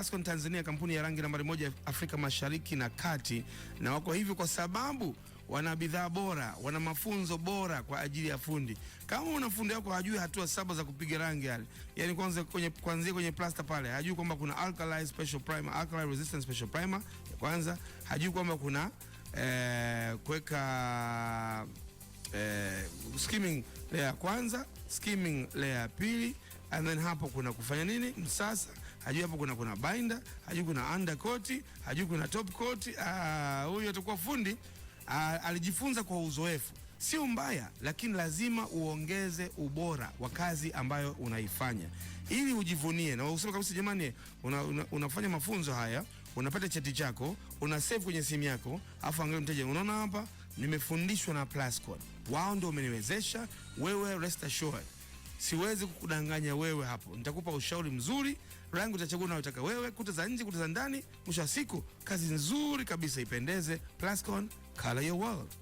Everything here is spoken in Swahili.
Tascon Tanzania kampuni ya rangi nambari moja Afrika Mashariki na Kati, na wako hivyo kwa sababu wana bidhaa bora, wana mafunzo bora kwa ajili ya fundi. Kama una fundi wako hajui hatua saba za kupiga rangi yale, yani kwanza kwenye kuanzia kwenye plaster pale, hajui kwamba kuna alkali special primer, alkali resistant special primer ya kwanza, hajui kwamba kuna eh, kuweka eh, skimming layer ya kwanza, skimming layer ya pili and then hapo kuna kufanya nini msasa, hajui hapo kuna kuna binder, hajui kuna undercoat, hajui kuna top coat. Ah, huyu atakuwa fundi. Ah, alijifunza kwa uzoefu, sio mbaya, lakini lazima uongeze ubora wa kazi ambayo unaifanya ili ujivunie na useme kabisa, jamani, una, una, unafanya mafunzo haya, unapata cheti chako, una save kwenye simu yako, afu angalia mteja, unaona hapa nimefundishwa na Plascon, wao ndio wameniwezesha. Wewe rest assured siwezi kukudanganya wewe hapo. Nitakupa ushauri mzuri, rangi utachagua unayotaka wewe, kuta za nje, kuta za ndani. Mwisho wa siku, kazi nzuri kabisa ipendeze. Plascon, color your world.